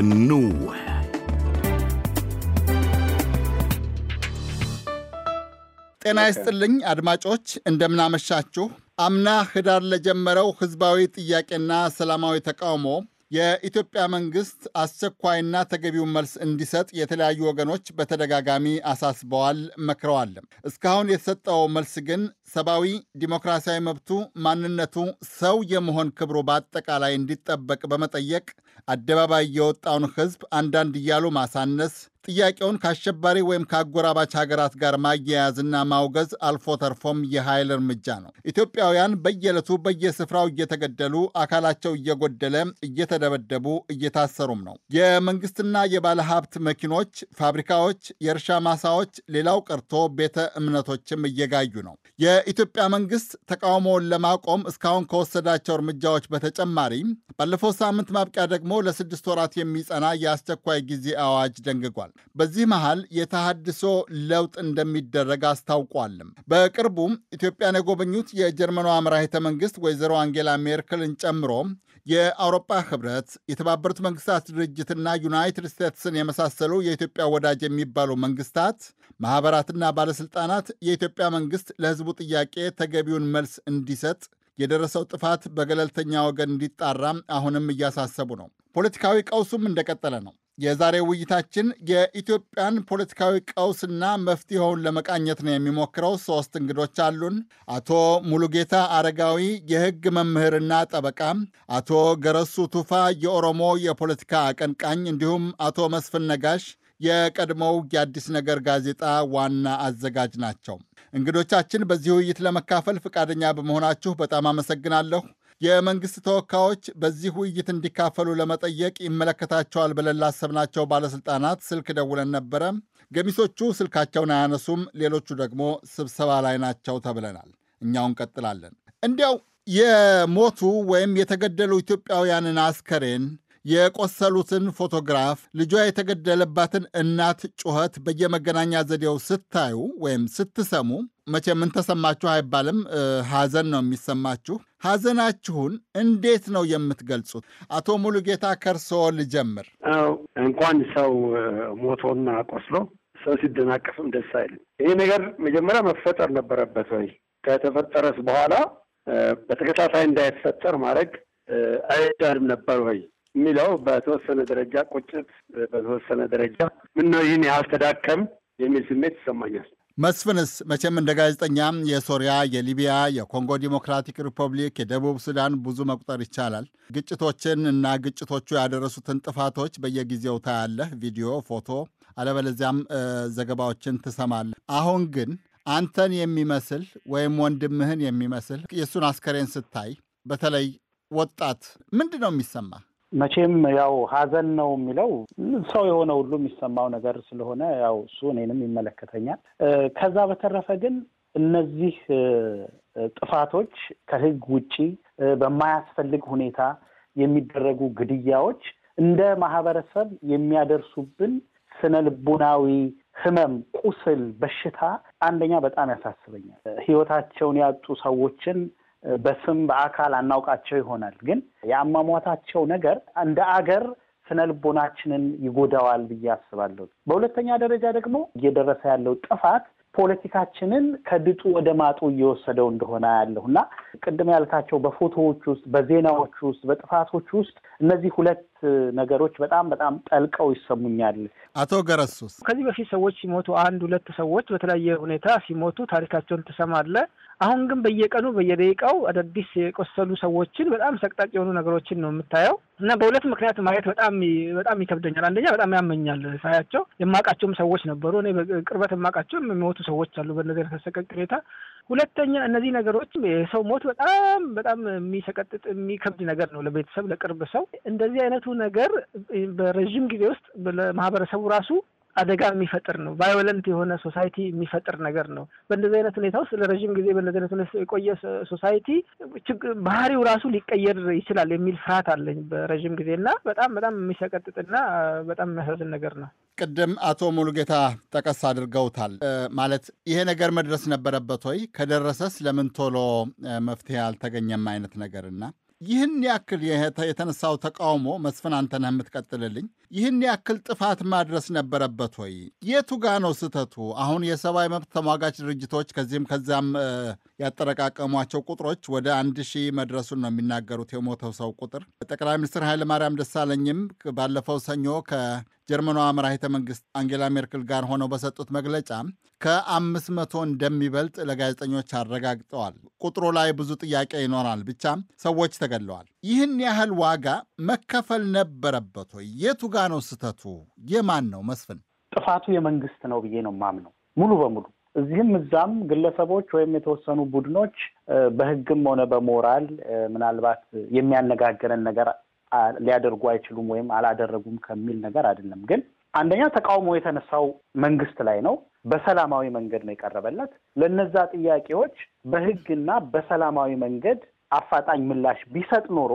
እንወያይ። ጤና ይስጥልኝ አድማጮች፣ እንደምናመሻችሁ። አምና ህዳር ለጀመረው ህዝባዊ ጥያቄና ሰላማዊ ተቃውሞ የኢትዮጵያ መንግስት አስቸኳይና ተገቢውን መልስ እንዲሰጥ የተለያዩ ወገኖች በተደጋጋሚ አሳስበዋል፣ መክረዋል። እስካሁን የተሰጠው መልስ ግን ሰብአዊ፣ ዲሞክራሲያዊ መብቱ፣ ማንነቱ፣ ሰው የመሆን ክብሩ በአጠቃላይ እንዲጠበቅ በመጠየቅ አደባባይ የወጣውን ህዝብ አንዳንድ እያሉ ማሳነስ ጥያቄውን ከአሸባሪ ወይም ከአጎራባች ሀገራት ጋር ማያያዝና ማውገዝ አልፎ ተርፎም የኃይል እርምጃ ነው። ኢትዮጵያውያን በየዕለቱ በየስፍራው እየተገደሉ አካላቸው እየጎደለ እየተደበደቡ እየታሰሩም ነው። የመንግስትና የባለ ሀብት መኪኖች፣ ፋብሪካዎች፣ የእርሻ ማሳዎች፣ ሌላው ቀርቶ ቤተ እምነቶችም እየጋዩ ነው። የኢትዮጵያ መንግስት ተቃውሞውን ለማቆም እስካሁን ከወሰዳቸው እርምጃዎች በተጨማሪ ባለፈው ሳምንት ማብቂያ ደግሞ ለስድስት ወራት የሚጸና የአስቸኳይ ጊዜ አዋጅ ደንግጓል። ተናግረዋል። በዚህ መሃል የተሃድሶ ለውጥ እንደሚደረግ አስታውቋልም። በቅርቡም ኢትዮጵያን የጎበኙት የጀርመኗ መራሂተ መንግስት ወይዘሮ አንጌላ ሜርክልን ጨምሮ የአውሮፓ ህብረት፣ የተባበሩት መንግስታት ድርጅትና ዩናይትድ ስቴትስን የመሳሰሉ የኢትዮጵያ ወዳጅ የሚባሉ መንግስታት፣ ማኅበራትና ባለሥልጣናት የኢትዮጵያ መንግስት ለሕዝቡ ጥያቄ ተገቢውን መልስ እንዲሰጥ የደረሰው ጥፋት በገለልተኛ ወገን እንዲጣራ አሁንም እያሳሰቡ ነው። ፖለቲካዊ ቀውሱም እንደቀጠለ ነው። የዛሬ ውይይታችን የኢትዮጵያን ፖለቲካዊ ቀውስና መፍትሄውን ለመቃኘት ነው የሚሞክረው። ሶስት እንግዶች አሉን። አቶ ሙሉጌታ አረጋዊ የህግ መምህርና ጠበቃ፣ አቶ ገረሱ ቱፋ የኦሮሞ የፖለቲካ አቀንቃኝ፣ እንዲሁም አቶ መስፍን ነጋሽ የቀድሞው የአዲስ ነገር ጋዜጣ ዋና አዘጋጅ ናቸው። እንግዶቻችን በዚህ ውይይት ለመካፈል ፈቃደኛ በመሆናችሁ በጣም አመሰግናለሁ። የመንግስት ተወካዮች በዚህ ውይይት እንዲካፈሉ ለመጠየቅ ይመለከታቸዋል ብለን ላሰብናቸው ባለስልጣናት ስልክ ደውለን ነበረ። ገሚሶቹ ስልካቸውን አያነሱም፣ ሌሎቹ ደግሞ ስብሰባ ላይ ናቸው ተብለናል። እኛው እንቀጥላለን። እንዲያው የሞቱ ወይም የተገደሉ ኢትዮጵያውያንን አስከሬን የቆሰሉትን ፎቶግራፍ ልጇ የተገደለባትን እናት ጩኸት በየመገናኛ ዘዴው ስታዩ ወይም ስትሰሙ መቼ ምን ተሰማችሁ አይባልም፣ ሐዘን ነው የሚሰማችሁ። ሐዘናችሁን እንዴት ነው የምትገልጹት? አቶ ሙሉጌታ ከርሶ ልጀምር። አዎ እንኳን ሰው ሞቶና ቆስሎ ሰው ሲደናቀፍም ደስ አይልም። ይህ ነገር መጀመሪያ መፈጠር ነበረበት ወይ? ከተፈጠረስ በኋላ በተከታታይ እንዳይፈጠር ማድረግ አይዳልም ነበር ወይ የሚለው በተወሰነ ደረጃ ቁጭት፣ በተወሰነ ደረጃ ነው ይህን ያህል የሚል ስሜት ይሰማኛል። መስፍንስ መቼም እንደ ጋዜጠኛ የሶሪያ፣ የሊቢያ፣ የኮንጎ ዲሞክራቲክ ሪፐብሊክ፣ የደቡብ ሱዳን ብዙ መቁጠር ይቻላል። ግጭቶችን እና ግጭቶቹ ያደረሱትን ጥፋቶች በየጊዜው ታያለህ፣ ቪዲዮ፣ ፎቶ፣ አለበለዚያም ዘገባዎችን ትሰማለህ። አሁን ግን አንተን የሚመስል ወይም ወንድምህን የሚመስል የእሱን አስከሬን ስታይ፣ በተለይ ወጣት ምንድን ነው የሚሰማ? መቼም ያው ሀዘን ነው የሚለው ሰው የሆነ ሁሉ የሚሰማው ነገር ስለሆነ ያው እሱ እኔንም ይመለከተኛል። ከዛ በተረፈ ግን እነዚህ ጥፋቶች ከህግ ውጪ በማያስፈልግ ሁኔታ የሚደረጉ ግድያዎች እንደ ማህበረሰብ የሚያደርሱብን ስነ ልቡናዊ ህመም፣ ቁስል፣ በሽታ አንደኛ በጣም ያሳስበኛል። ህይወታቸውን ያጡ ሰዎችን በስም በአካል አናውቃቸው ይሆናል፣ ግን የአሟሟታቸው ነገር እንደ አገር ስነ ልቦናችንን ይጎዳዋል ብዬ አስባለሁ። በሁለተኛ ደረጃ ደግሞ እየደረሰ ያለው ጥፋት ፖለቲካችንን ከድጡ ወደ ማጡ እየወሰደው እንደሆነ ያለሁ እና ቅድም ያልካቸው በፎቶዎች ውስጥ፣ በዜናዎች ውስጥ፣ በጥፋቶች ውስጥ እነዚህ ሁለት ነገሮች በጣም በጣም ጠልቀው ይሰሙኛል። አቶ ገረሱስ ከዚህ በፊት ሰዎች ሲሞቱ አንድ ሁለት ሰዎች በተለያየ ሁኔታ ሲሞቱ ታሪካቸውን ትሰማለ። አሁን ግን በየቀኑ በየደቂቃው አዳዲስ የቆሰሉ ሰዎችን በጣም ሰቅጣጭ የሆኑ ነገሮችን ነው የምታየው እና በሁለት ምክንያት ማየት በጣም በጣም ይከብደኛል። አንደኛ በጣም ያመኛል ሳያቸው። የማውቃቸውም ሰዎች ነበሩ እኔ በቅርበት የማውቃቸው የሚሞቱ ሰዎች አሉ በነዚህ ተሰቀቅ ሁኔታ ሁለተኛ እነዚህ ነገሮች የሰው ሞት በጣም በጣም የሚሰቀጥጥ የሚከብድ ነገር ነው ለቤተሰብ፣ ለቅርብ ሰው። እንደዚህ አይነቱ ነገር በረዥም ጊዜ ውስጥ ለማህበረሰቡ ራሱ አደጋ የሚፈጥር ነው። ቫዮለንት የሆነ ሶሳይቲ የሚፈጥር ነገር ነው። በእንደዚህ አይነት ሁኔታ ውስጥ ለረዥም ጊዜ በእንደዚህ አይነት ሁኔታ የቆየ ሶሳይቲ ባህሪው ራሱ ሊቀየር ይችላል የሚል ፍርሃት አለኝ በረዥም ጊዜ እና በጣም በጣም የሚሰቀጥጥና በጣም የሚያሳዝን ነገር ነው። ቅድም አቶ ሙሉጌታ ጠቀስ አድርገውታል። ማለት ይሄ ነገር መድረስ ነበረበት ወይ? ከደረሰስ ለምን ቶሎ መፍትሄ አልተገኘም አይነት ነገርና ይህን ያክል የተነሳው ተቃውሞ መስፍን አንተነህ የምትቀጥልልኝ ይህን ያክል ጥፋት ማድረስ ነበረበት ወይ? የቱ ጋ ነው ስህተቱ? አሁን የሰብአዊ መብት ተሟጋች ድርጅቶች ከዚህም ከዚያም ያጠረቃቀሟቸው ቁጥሮች ወደ አንድ ሺህ መድረሱን ነው የሚናገሩት የሞተው ሰው ቁጥር። ጠቅላይ ሚኒስትር ኃይለማርያም ደሳለኝም ባለፈው ሰኞ ከጀርመኗ መራሂተ መንግስት አንጌላ ሜርክል ጋር ሆነው በሰጡት መግለጫ ከአምስት መቶ እንደሚበልጥ ለጋዜጠኞች አረጋግጠዋል። ቁጥሩ ላይ ብዙ ጥያቄ ይኖራል፣ ብቻ ሰዎች ተገለዋል። ይህን ያህል ዋጋ መከፈል ነበረበት ወይ? የቱ ጋ ነው ስህተቱ? የማን ነው መስፍን? ጥፋቱ የመንግስት ነው ብዬ ነው ማምነው ሙሉ በሙሉ እዚህም እዛም ግለሰቦች ወይም የተወሰኑ ቡድኖች በህግም ሆነ በሞራል ምናልባት የሚያነጋግረን ነገር ሊያደርጉ አይችሉም ወይም አላደረጉም ከሚል ነገር አይደለም። ግን አንደኛ ተቃውሞ የተነሳው መንግስት ላይ ነው። በሰላማዊ መንገድ ነው የቀረበለት። ለነዛ ጥያቄዎች በህግና በሰላማዊ መንገድ አፋጣኝ ምላሽ ቢሰጥ ኖሮ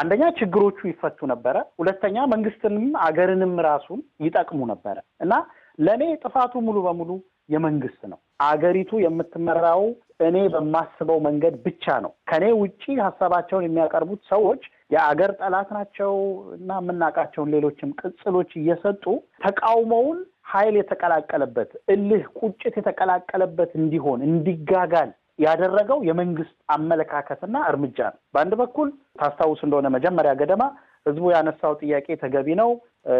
አንደኛ ችግሮቹ ይፈቱ ነበረ፣ ሁለተኛ መንግስትንም አገርንም ራሱን ይጠቅሙ ነበረ እና ለእኔ ጥፋቱ ሙሉ በሙሉ የመንግስት ነው። አገሪቱ የምትመራው እኔ በማስበው መንገድ ብቻ ነው። ከኔ ውጪ ሀሳባቸውን የሚያቀርቡት ሰዎች የአገር ጠላት ናቸው እና የምናውቃቸውን ሌሎችም ቅጽሎች እየሰጡ ተቃውሞውን ኃይል የተቀላቀለበት እልህ፣ ቁጭት የተቀላቀለበት እንዲሆን እንዲጋጋል ያደረገው የመንግስት አመለካከትና እርምጃ ነው። በአንድ በኩል ታስታውስ እንደሆነ መጀመሪያ ገደማ ህዝቡ ያነሳው ጥያቄ ተገቢ ነው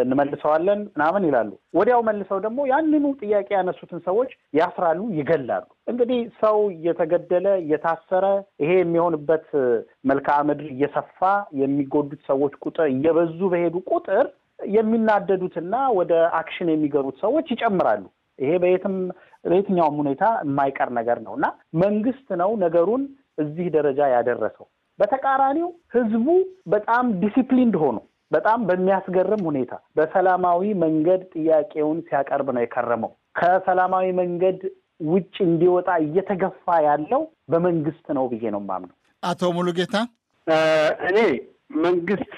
እንመልሰዋለን ምናምን ይላሉ። ወዲያው መልሰው ደግሞ ያንኑ ጥያቄ ያነሱትን ሰዎች ያስራሉ፣ ይገላሉ። እንግዲህ ሰው እየተገደለ እየታሰረ ይሄ የሚሆንበት መልክዓ ምድር እየሰፋ የሚጎዱት ሰዎች ቁጥር እየበዙ በሄዱ ቁጥር የሚናደዱትና ወደ አክሽን የሚገሩት ሰዎች ይጨምራሉ። ይሄ በየትም በየትኛውም ሁኔታ የማይቀር ነገር ነው እና መንግስት ነው ነገሩን እዚህ ደረጃ ያደረሰው። በተቃራኒው ህዝቡ በጣም ዲሲፕሊንድ ሆኖ በጣም በሚያስገርም ሁኔታ በሰላማዊ መንገድ ጥያቄውን ሲያቀርብ ነው የከረመው። ከሰላማዊ መንገድ ውጭ እንዲወጣ እየተገፋ ያለው በመንግስት ነው ብዬ ነው የማምነው። አቶ ሙሉጌታ፣ እኔ መንግስት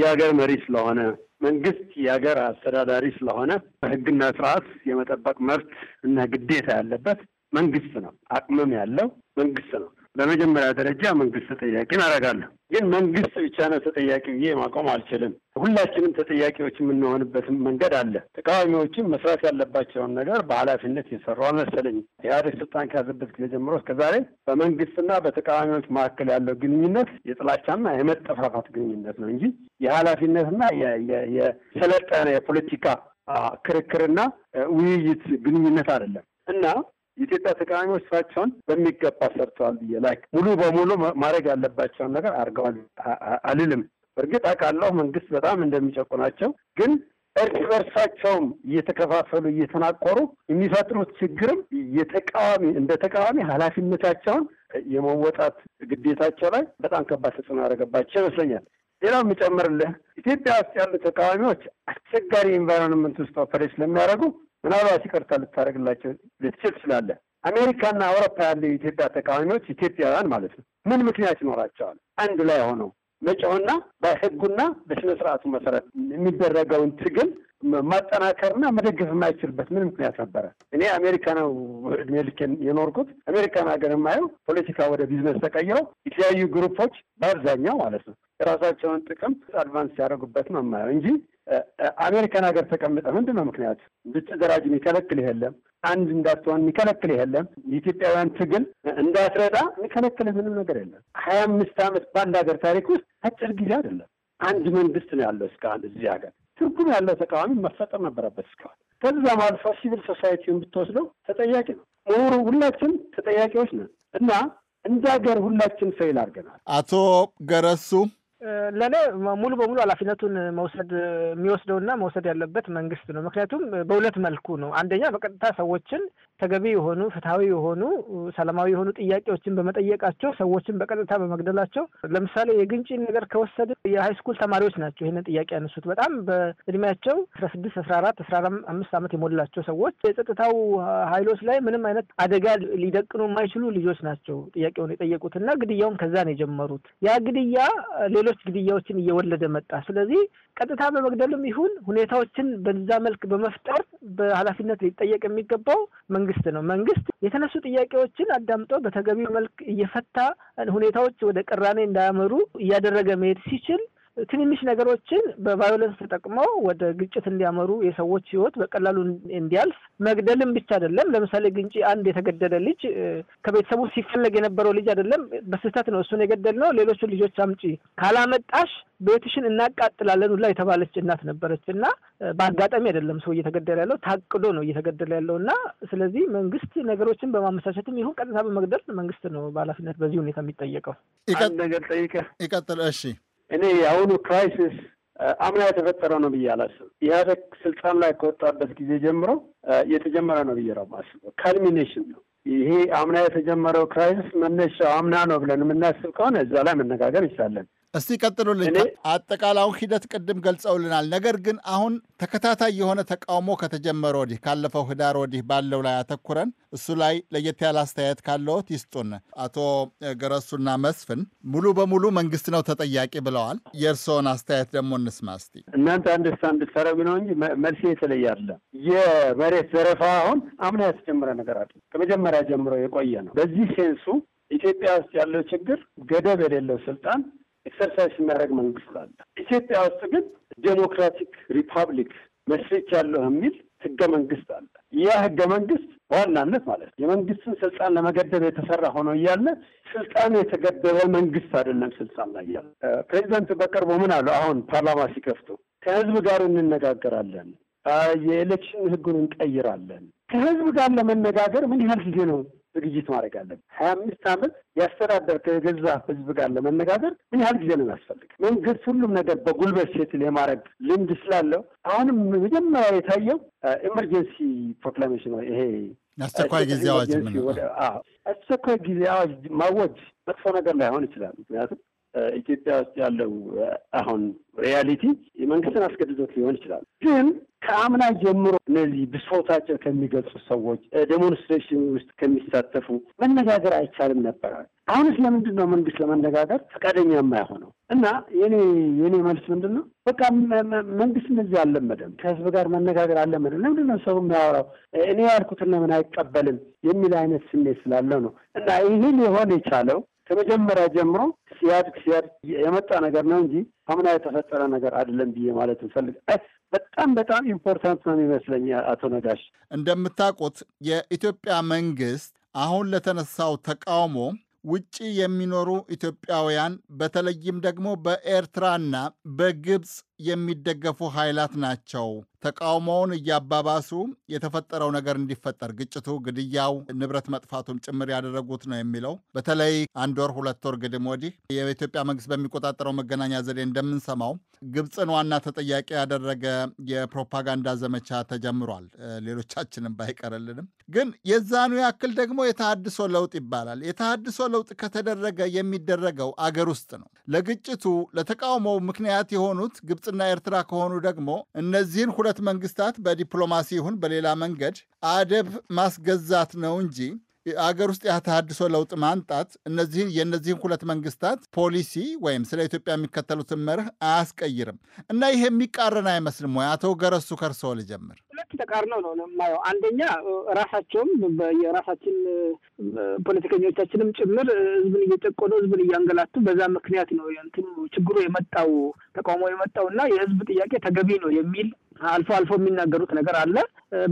የሀገር መሪ ስለሆነ መንግስት የሀገር አስተዳዳሪ ስለሆነ በህግና ስርዓት የመጠበቅ መብት እና ግዴታ ያለበት መንግስት ነው። አቅምም ያለው መንግስት ነው። በመጀመሪያ ደረጃ መንግስት ተጠያቂ አደርጋለሁ። ግን መንግስት ብቻ ነው ተጠያቂ ብዬ ማቆም አልችልም። ሁላችንም ተጠያቂዎች የምንሆንበትም መንገድ አለ። ተቃዋሚዎችም መስራት ያለባቸውን ነገር በኃላፊነት የሰሩ አልመሰለኝ። ኢህአዴግ ስልጣን ከያዘበት ጊዜ ጀምሮ እስከዛሬ በመንግስትና በተቃዋሚዎች መካከል ያለው ግንኙነት የጥላቻና የመጠፋፋት ግንኙነት ነው እንጂ የኃላፊነትና የሰለጠነ የፖለቲካ ክርክርና ውይይት ግንኙነት አይደለም እና የኢትዮጵያ ተቃዋሚዎች ስራቸውን በሚገባ ሰርተዋል ብዬ ላይ ሙሉ በሙሉ ማድረግ ያለባቸውን ነገር አድርገዋል አልልም። እርግጥ አውቃለሁ መንግስት በጣም እንደሚጨቁናቸው ግን እርስ በርሳቸውም እየተከፋፈሉ እየተናቆሩ የሚፈጥሩት ችግርም የተቃዋሚ እንደ ተቃዋሚ ኃላፊነታቸውን የመወጣት ግዴታቸው ላይ በጣም ከባድ ተጽዕኖ ያደረገባቸው ይመስለኛል። ሌላው የምጨምርልህ ኢትዮጵያ ውስጥ ያሉ ተቃዋሚዎች አስቸጋሪ ኢንቫይሮንመንት ውስጥ ኦፐሬት ስለሚያደርጉ ምናልባት ይቅርታ ልታደርግላቸው ልትችል ስላለ አሜሪካና አውሮፓ ያለ የኢትዮጵያ ተቃዋሚዎች ኢትዮጵያውያን ማለት ነው ምን ምክንያት ይኖራቸዋል አንድ ላይ ሆነው መጫውና በህጉና በስነ ስርዓቱ መሰረት የሚደረገውን ትግል ማጠናከርና መደገፍ የማይችልበት ምን ምክንያት ነበረ? እኔ አሜሪካ ነው እድሜ ልኬን የኖርኩት። አሜሪካን ሀገር የማየው ፖለቲካ ወደ ቢዝነስ ተቀይረው የተለያዩ ግሩፖች በአብዛኛው ማለት ነው የራሳቸውን ጥቅም አድቫንስ ያደረጉበት ነው የማየው እንጂ አሜሪካን ሀገር ተቀምጠ ምንድን ነው ምክንያት ብትደራጅ የሚከለክል የለም። አንድ እንዳትሆን የሚከለክል የለም። የኢትዮጵያውያን ትግል እንዳትረዳ የሚከለክል ምንም ነገር የለም። ሀያ አምስት አመት በአንድ ሀገር ታሪክ ውስጥ አጭር ጊዜ አይደለም። አንድ መንግስት ነው ያለው እስካሁን እዚህ ሀገር ትርጉም ያለው ተቃዋሚ መፈጠር ነበረበት እስካሁን። ከዛም አልፎ ሲቪል ሶሳይቲውን ብትወስደው ተጠያቂ ነው። ምሁሩ ሁላችን ተጠያቂዎች ነን እና እንደ ሀገር ሁላችን ፌል አድርገናል። አቶ ገረሱ ለእኔ ሙሉ በሙሉ ኃላፊነቱን መውሰድ የሚወስደውና መውሰድ ያለበት መንግስት ነው። ምክንያቱም በሁለት መልኩ ነው። አንደኛ በቀጥታ ሰዎችን ተገቢ የሆኑ ፍትሐዊ የሆኑ ሰላማዊ የሆኑ ጥያቄዎችን በመጠየቃቸው ሰዎችን በቀጥታ በመግደላቸው፣ ለምሳሌ የግንጭ ነገር ከወሰድ የሃይስኩል ተማሪዎች ናቸው ይህንን ጥያቄ ያነሱት። በጣም በእድሜያቸው አስራ ስድስት አስራ አራት አስራ አምስት ዓመት የሞላቸው ሰዎች የጸጥታው ኃይሎች ላይ ምንም አይነት አደጋ ሊደቅኑ የማይችሉ ልጆች ናቸው ጥያቄውን የጠየቁት እና ግድያውን ከዛ ነው የጀመሩት ያ ግድያ ሌሎች ግድያዎችን እየወለደ መጣ። ስለዚህ ቀጥታ በመግደልም ይሁን ሁኔታዎችን በዛ መልክ በመፍጠር በኃላፊነት ሊጠየቅ የሚገባው መንግስት ነው። መንግስት የተነሱ ጥያቄዎችን አዳምጦ በተገቢው መልክ እየፈታ ሁኔታዎች ወደ ቅራኔ እንዳያመሩ እያደረገ መሄድ ሲችል ትንንሽ ነገሮችን በቫዮለንስ ተጠቅመው ወደ ግጭት እንዲያመሩ የሰዎች ህይወት በቀላሉ እንዲያልፍ መግደልም ብቻ አይደለም። ለምሳሌ ግንጭ አንድ የተገደለ ልጅ ከቤተሰቡ ሲፈለግ የነበረው ልጅ አይደለም፣ በስህተት ነው እሱን የገደል ነው። ሌሎቹ ልጆች አምጪ ካላመጣሽ ቤትሽን እናቃጥላለን ሁላ የተባለች እናት ነበረች እና በአጋጣሚ አይደለም ሰው እየተገደለ ያለው ታቅዶ ነው እየተገደለ ያለው እና ስለዚህ መንግስት ነገሮችን በማመቻቸትም ይሁን ቀጥታ በመግደል መንግስት ነው በኃላፊነት በዚህ ሁኔታ የሚጠየቀው። ይቀጥል። እሺ እኔ የአሁኑ ክራይሲስ አምና የተፈጠረ ነው ብዬ አላስብም። ኢህአዴግ ስልጣን ላይ ከወጣበት ጊዜ ጀምሮ የተጀመረ ነው ብዬ ነው የማስበው። ካልሚኔሽን ነው ይሄ አምና የተጀመረው ክራይሲስ መነሻው አምና ነው ብለን የምናስብ ከሆነ እዛ ላይ መነጋገር ይቻለን። እስቲ ቀጥሉልኝ። አጠቃላዩን ሂደት ቅድም ገልጸውልናል። ነገር ግን አሁን ተከታታይ የሆነ ተቃውሞ ከተጀመረ ወዲህ ካለፈው ህዳር ወዲህ ባለው ላይ አተኩረን እሱ ላይ ለየት ያለ አስተያየት ካለዎት ይስጡን። አቶ ገረሱና መስፍን ሙሉ በሙሉ መንግስት ነው ተጠያቂ ብለዋል። የእርስዎን አስተያየት ደግሞ እንስማ እስቲ። እናንተ አንደርስታንድ እንድታረጉ ነው እንጂ መልሴ የተለየ አለ። የመሬት ዘረፋ አሁን አምና ያስጀምረ ነገር አለ። ከመጀመሪያ ጀምሮ የቆየ ነው። በዚህ ሴንሱ ኢትዮጵያ ውስጥ ያለው ችግር ገደብ የሌለው ስልጣን ኤክሰርሳይዝ የሚያደርግ መንግስት አለ። ኢትዮጵያ ውስጥ ግን ዴሞክራቲክ ሪፐብሊክ መስሪች ያለሁ የሚል ህገ መንግስት አለ። ያ ህገ መንግስት በዋናነት ማለት ነው የመንግስትን ስልጣን ለመገደብ የተሰራ ሆኖ እያለ ስልጣኑ የተገደበ መንግስት አይደለም። ስልጣን ላይ ያለ ፕሬዚደንት በቅርቡ ምን አሉ? አሁን ፓርላማ ሲከፍቱ ከህዝብ ጋር እንነጋገራለን፣ የኤሌክሽን ህጉን እንቀይራለን። ከህዝብ ጋር ለመነጋገር ምን ያህል ጊዜ ነው ዝግጅት ማድረግ አለብን። ሀያ አምስት ዓመት ያስተዳደር ከገዛ ህዝብ ጋር ለመነጋገር ምን ያህል ጊዜ ነው ያስፈልግ? መንግስት ሁሉም ነገር በጉልበት ሴትል የማድረግ ልምድ ስላለው አሁንም መጀመሪያ የታየው ኤመርጀንሲ ፕሮክላሜሽን ነው ይሄ አስቸኳይ ጊዜ አዋጅ ምን አስቸኳይ ጊዜ አዋጅ ማወጅ መጥፎ ነገር ላይሆን ይችላል። ምክንያቱም ኢትዮጵያ ውስጥ ያለው አሁን ሪያሊቲ መንግስትን አስገድዶት ሊሆን ይችላል። ግን ከአምና ጀምሮ እነዚህ ብሶታቸው ከሚገልጹ ሰዎች ዴሞንስትሬሽን ውስጥ ከሚሳተፉ መነጋገር አይቻልም ነበር። አሁንስ ለምንድን ነው መንግስት ለመነጋገር ፈቃደኛ የማይሆነው? እና የኔ የኔ መልስ ምንድን ነው፣ በቃ መንግስት እነዚህ አለመደም፣ ከህዝብ ጋር መነጋገር አለመደም። ለምንድን ነው ሰው የሚያወራው እኔ ያልኩትን ለምን አይቀበልም የሚል አይነት ስሜት ስላለው ነው። እና ይህን ሊሆን የቻለው ከመጀመሪያ ጀምሮ ሲያድግ ሲያድግ የመጣ ነገር ነው እንጂ አምና የተፈጠረ ነገር አይደለም ብዬ ማለት እንፈልግ በጣም በጣም ኢምፖርታንት ነው የሚመስለኝ። አቶ ነጋሽ እንደምታውቁት የኢትዮጵያ መንግስት አሁን ለተነሳው ተቃውሞ ውጭ የሚኖሩ ኢትዮጵያውያን በተለይም ደግሞ በኤርትራና በግብፅ የሚደገፉ ኃይላት ናቸው ተቃውሞውን እያባባሱ የተፈጠረው ነገር እንዲፈጠር ግጭቱ፣ ግድያው፣ ንብረት መጥፋቱም ጭምር ያደረጉት ነው የሚለው በተለይ አንድ ወር ሁለት ወር ግድም ወዲህ የኢትዮጵያ መንግስት በሚቆጣጠረው መገናኛ ዘዴ እንደምንሰማው ግብፅን ዋና ተጠያቂ ያደረገ የፕሮፓጋንዳ ዘመቻ ተጀምሯል። ሌሎቻችንም ባይቀርልንም ግን የዛኑ ያክል ደግሞ የተሃድሶ ለውጥ ይባላል። የተሃድሶ ለውጥ ከተደረገ የሚደረገው አገር ውስጥ ነው። ለግጭቱ ለተቃውሞው ምክንያት የሆኑት ግብፅ ግብፅና ኤርትራ ከሆኑ ደግሞ እነዚህን ሁለት መንግስታት በዲፕሎማሲ ይሁን በሌላ መንገድ አደብ ማስገዛት ነው እንጂ አገር ውስጥ የተሃድሶ ለውጥ ማምጣት እነዚህን የእነዚህን ሁለት መንግስታት ፖሊሲ ወይም ስለ ኢትዮጵያ የሚከተሉትን መርህ አያስቀይርም እና ይሄ የሚቃረን አይመስልም ወይ? አቶ ገረሱ ከርሰው ልጀምር። ሁለት ተቃርነው ነው የማየው። አንደኛ ራሳቸውም የራሳችን ፖለቲከኞቻችንም ጭምር ህዝብን እየጨቆነው ህዝብን እያንገላቱ በዛ ምክንያት ነው እንትኑ ችግሩ የመጣው ተቃውሞ የመጣው እና የህዝብ ጥያቄ ተገቢ ነው የሚል አልፎ አልፎ የሚናገሩት ነገር አለ።